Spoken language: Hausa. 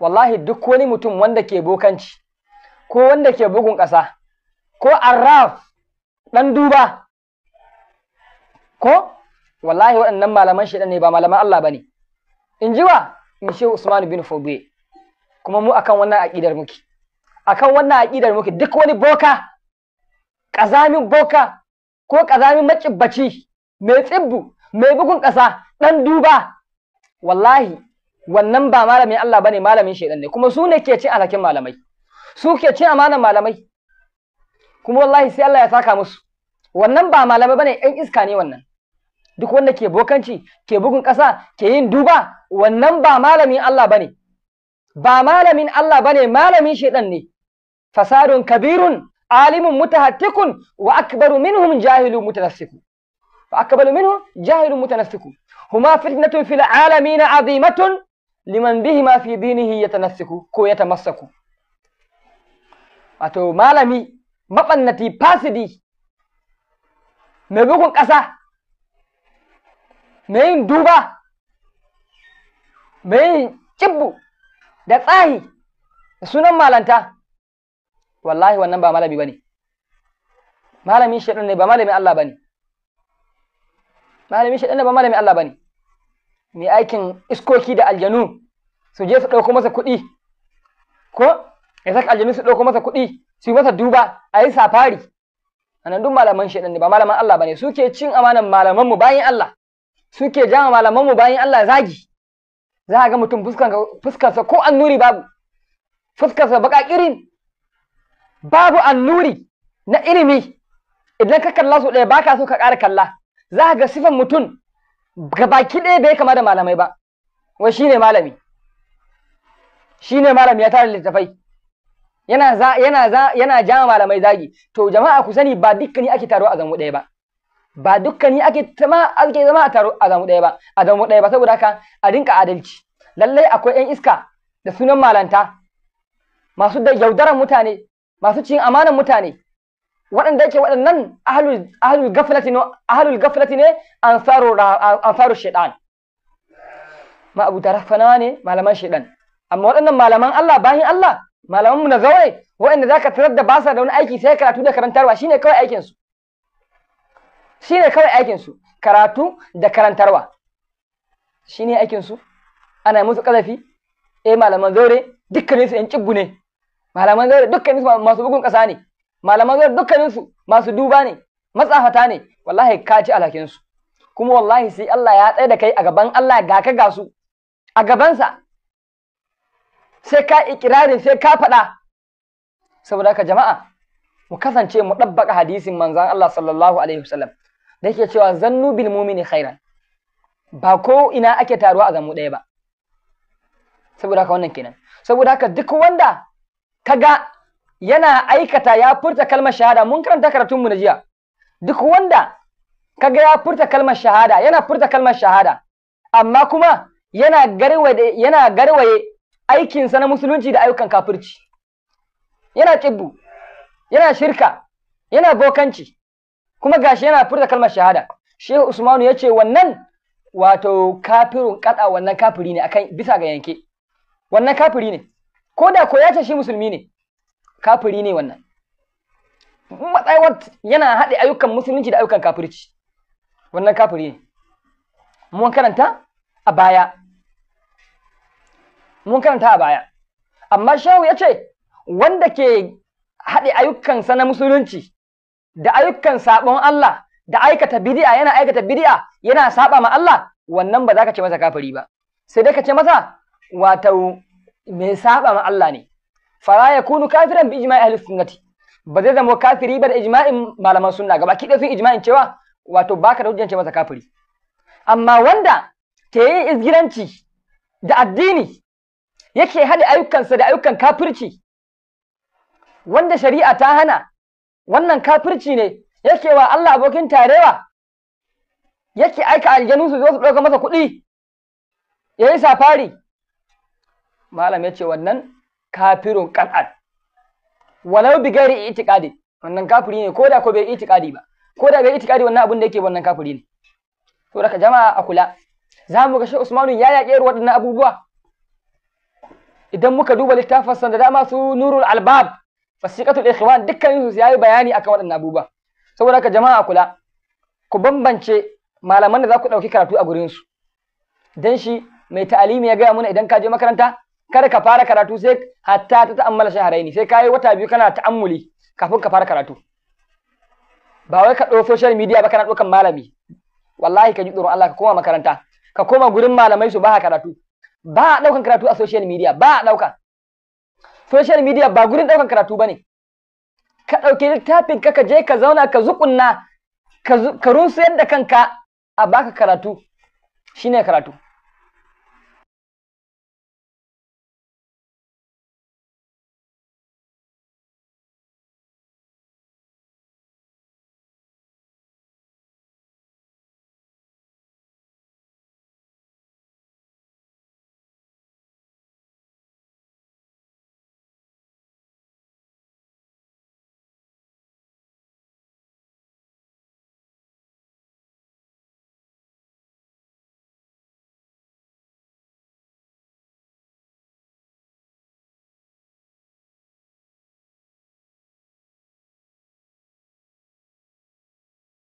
wallahi duk wani mutum wanda ke bokanci ko wanda ke bugun ƙasa ko arraf ɗan duba ko wallahi waɗannan malaman shi ne ba malaman Allah ba ne in ji wa in shi Usman bin Fobe kuma mu akan wannan aƙidar muke akan wannan aƙidar muke duk wani boka ƙazamin boka ko ƙazamin macibbaci mai tsibbu mai bugun ƙasa ɗan duba wallahi wannan ba malamin Allah bane malamin shaidan ne kuma su ne ke cin alhakin malamai su ke cin amanan malamai kuma wallahi sai Allah ya saka musu wannan ba malamai bane ɗan iska ne wannan duk wanda ke bokanci ke bugun ƙasa ke yin duba wannan ba malamin Allah bane ba malamin Allah bane malamin shaidan ne fasadun kabirun alimun mutahattikun wa akbaru minhum jahilun mutanassiku fa akbaru minhum jahilun mutanassiku huma fitnatun fil alamin azimatun liman bihima fi dinihi yatanassaku ko yatamassaku wato malami mabannati fasidi mai bugun ƙasa mai yin duba mai yin cibbu, da tsahi da sunan malanta wallahi wannan ba malami bane malami shaɗan ne ba malami Allah bane malami shaɗan ne ba malami Allah bane mai aikin iskoki da aljanu su je su ɗauko masa kuɗi ko ya saka aljanu su ɗauko masa kuɗi su yi masa duba a yi safari A nan duk malaman shaidan ne ba malaman Allah ba ne suke cin amanan malaman mu bayan Allah suke jama malaman mu bayan Allah zagi za ga mutum fuskarsa ko an nuri babu fuskarsa baka kirin babu an nuri na ilimi idan ka kalla su ɗaya baka so ka ƙara kalla za ga sifan mutum gabaki ɗaya bai kama da malamai ba wai shine malami shine malami ya tara littafai yana za yana za yana jama malamai zagi to jama'a ku sani ba dukkani ake taro a zamu ɗaya ba ba dukkani ake tama ake zama a taro a zamu ɗaya ba a zamu ɗaya ba saboda haka a rinka adalci lallai akwai yan iska da sunan malanta masu da yaudaran mutane masu cin amanan mutane waɗanda yake waɗannan ahalul gafilati ne an gaflati ne ansaru ansaru shaytan ma abu tarafana ne malaman shaɗan amma waɗannan malaman Allah bayan Allah Malamanmu na zaure waɗanda za ka tarar da basa da wani aiki sai karatu da karantarwa shine kawai aikinsu. shine kawai aikinsu karatu da karantarwa shine aikinsu. su ana musu kazafi eh malaman zaure dukkaninsu su yan cibbu ne malaman zaure dukkaninsu masu bugun ƙasa ne malaman zai dukkaninsu masu duba ne matsafata ne wallahi ka ci alhakinsu kuma wallahi sai Allah ya tsaye da kai a gaban Allah ga ka ga su a gabansa sai ka ikirarin sai ka faɗa saboda ka jama'a mu kasance mu dabbaka hadisin manzan Allah sallallahu alaihi wasallam da yake cewa zannu bil mumini khairan ba ko ina ake taruwa a zamu ɗaya ba saboda haka wannan kenan saboda haka duk wanda ka ga yana aikata ya furta kalmar shahada mun karanta karatunmu na jiya duk wanda kaga ya furta kalmar shahada yana furta kalmar shahada amma kuma yana garwaye yana garwaye aikinsa na musulunci da ayyukan kafirci yana kibbu yana shirka yana bokanci kuma gashi yana furta kalmar shahada shehu usmanu ya ce wannan wato kafirun kada wannan kafiri ne akan bisa ga yanke wannan kafiri ne ko da ko ya shi musulmi ne kafiri ne wannan matsayawar yana haɗe ayyukan musulunci da ayyukan kafirci wannan kafiri ne mun karanta a baya mun karanta a baya amma shehu ya ce wanda ke haɗe ayyukansa na musulunci da ayyukan sabon Allah da aikata bidi'a yana aikata bidi'a yana saba ma Allah wannan ba za ka ce masa kafiri ba sai dai ka ce masa wato mai saba ma Allah ne ya kunu kafiran bi ijma'i ahli sunnati ba zai zama kafiri ba da ijma'in malaman sunna gaba ki sun ijma'in cewa wato baka da hujjan ce masa kafiri amma wanda ke yin izgiranci da addini yake hada ayyukansa da ayyukan kafirci wanda shari'a ta hana wannan kafirci ne yake wa Allah abokin tarewa yake aika aljanu su zo su ɗauka masa kuɗi ya yi safari malam ya ce wannan kafirun qat'an walau bi ghairi i'tiqadi wannan kafiri ne koda ko bai i'tiqadi ba koda bai i'tiqadi wannan abin da yake wannan kafiri ne to daga jama'a a kula za mu ga shi Usmanu ya yaƙe waɗannan abubuwa idan muka duba littafin sanda dama su Nurul Albab fasiqatul ikhwan dukkan su yayi bayani akan waɗannan abubuwa saboda haka jama'a kula ku bambance malaman da za ku ɗauki karatu a gurin su dan shi mai ta'alimi ya gaya muna idan ka je makaranta kada ka fara karatu sai hatta ta ta'ammala shaharaini sai kayi wata biyu kana ta'ammuli kafin ka fara karatu ba wai ka ɗau social media ba kana ɗaukan malami wallahi ka ji tsoron Allah ka koma makaranta ka koma gurin malamai su ba karatu ba a ɗaukan karatu a social media ba a ɗauka social media ba gurin ɗaukan karatu ba ne ka ɗauki littafin ka ka je ka zauna ka zuƙunna ka runsayar yadda kanka a baka karatu shine karatu